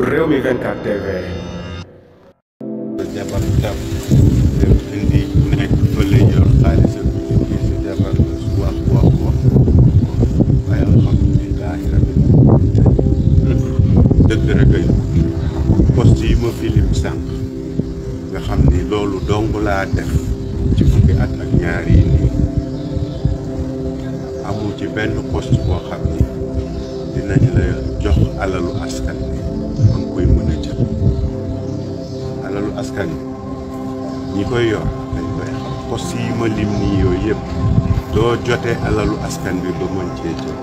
réew 24 TV. jabar jàpp dem indi nekk fële yor xaalis ak indi si jabar wax wax wax waaye alhamdulilahi rabbil dëgg rek ay poste yi ma filim sànq nga xam ni loolu dong laa def ci fukki at ak ñaar yi nii amul ci benn poste boo xam ni dinañ la jox alalu askan askan ñi koy yor dañ koy xam yi ma lim nii yooyu yëpp doo jote alalu askan bi ba mën cee jël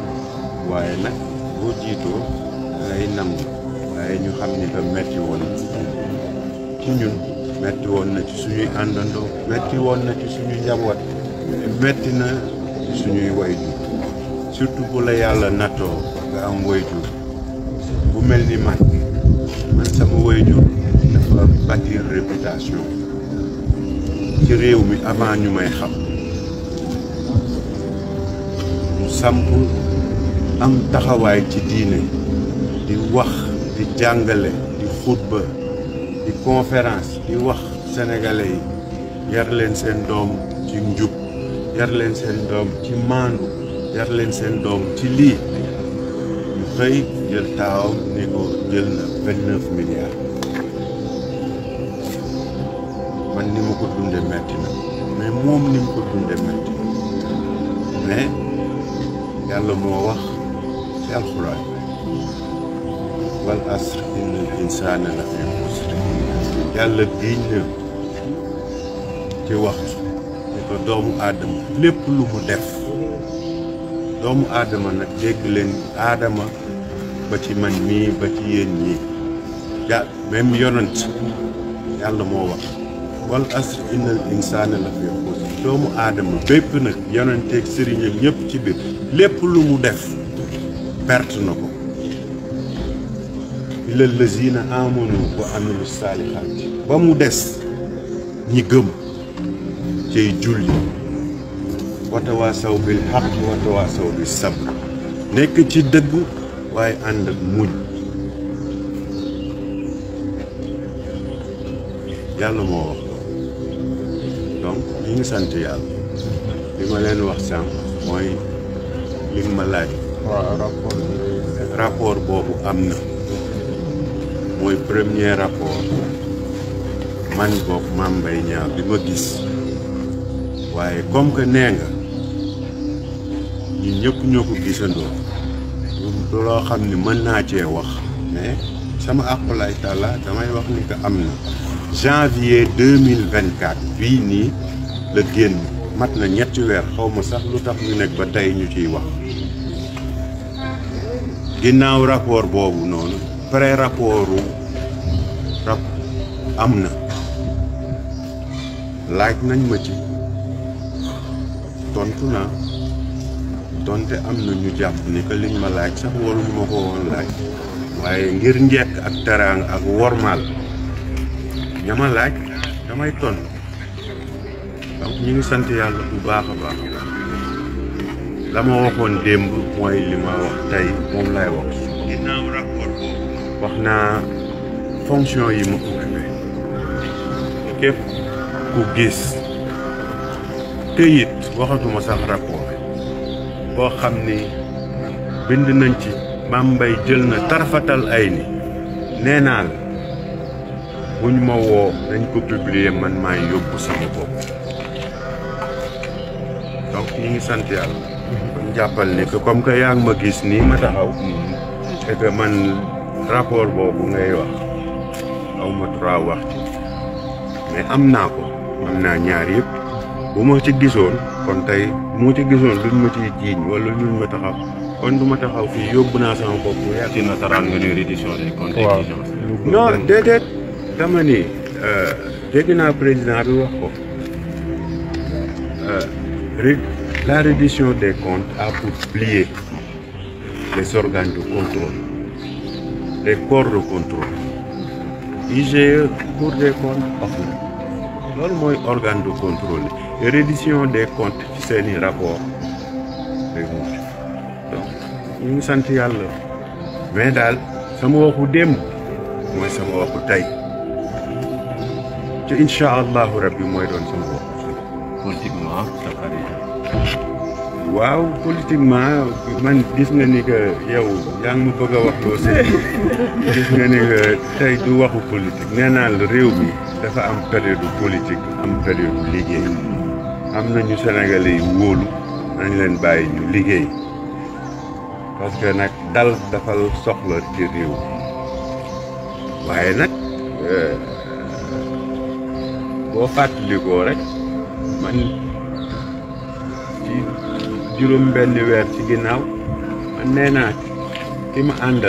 waaye nag boo jiitoo ngay nam waaye ñu xam ni que metti woon na ci suñuy àndandoo metti woon na ci suñuy njaboot metti na ci suñuy wayjur surtout bu la yàlla nattoo nga am wayjur bu mel ni man man sama wayjur bâtir réputation ci au mi avant ñu may xam mu samp am Du ci diine di wax di des di xutba di conférence di wax sénégalais yi yar leen seen doom ci njub yar leen seen doom ci maandu yar leen seen doom ci milliards man ni ma ko dundee metti na mais moom ni mu ko dundee metti na mais yàlla moo wax ci alxuraan wal asr innal insaana la fi xusr yàlla giñ na ci waxtu ni ko doomu aadama lépp lu mu def doomu aadama nag dégg leen aadama ba ci man mii ba ci yéen ñii ja même yonent yàlla moo wax wal asr innal insaana la fi xuus doomu aadama bépp nag yonenteeg sëriñam ñëpp ci biir lépp lu mu def perte na ko illa lazina amanu wa amilu saalihaat ba mu des ñi gëm cay julli watawaasaw bil xaq watawaasaw bi sabr nekk ci dëgg waaye ànd ak muñ yàlla moo wax donc ñu ngi sant yàlla ma leen wax ma laaj rapport premier rapport man boog maam mbay ñaar bi gis waaye comme que nee nga ñun ñëpp ñoo ko gisandoo lu loo xam wax mais sama damay wax ni janvier 2024 bii nii la génn mat na ñetti weer xaw ma sax lu tax ñu nekk ba tey ñu ciy wax ginnaaw rapport boobu non, pré rapportu rap am na laaj nañ ma ci tontu naa donte am na ñu jàpp ni que liñ ma laaj sax waruñu ma ko woon laaj waaye ngir njekk ak teraanga ak wormaal ña ma laaj damay tontu ñu ngi sant yàlla bu baax a baax la ma waxoon démb mooy li ma wax tey moom lay wax wax naa fonction yi ma occupé képp ku gis këyit waxatuma sax rapport boo xam ni bind nañ ci Mame mbay jël na tarfatal ay ni nee la bu ñu ma woo dañ ko publier man maay yóbbu sama bopp donc ñu ngi sant yàlla mhm. kon jàppal ne que comme que yaa ngi ma gis nii ma taxaw mhm. et que man rapport boobu ngay wax aw trois wax mais am naa ko am naa ñaar yëpp bu ma ci gisoon kon tey bu ma ci gisoon luñ ma ciy jiiñ wala luñ ma taxaw kon du ma taxaw fii yóbbu naa sama bopp yàgg na taraan nga ne reddition des comptes. non déedéet. dama ni euh, président a dit euh, la reddition des comptes a pour plier les organes de contrôle les corps de contrôle IGE Cour des comptes c'est na organe de contrôle et reddition des comptes c'est un rapport day mujj donc ñu Je suis là, ça daal sama waxu démb ça sama waxu tey जो ኢንሻአላሁ ረቢ ሞይዶን ሰንቦ ፖለቲክ ማ ተፈሪ man gis nga ni yow yang ngi ma wax loo seen gis nga ni que tey du waxu politique nee naa la réew dafa am période politique am période liggéey am nañu sénégalais yi wóolu leen bàyyi ñu liggéey parce que dal dafa boo fàttalikoo rek man ci juróom benn weer ci ginnaaw man nee naa ki ma àndal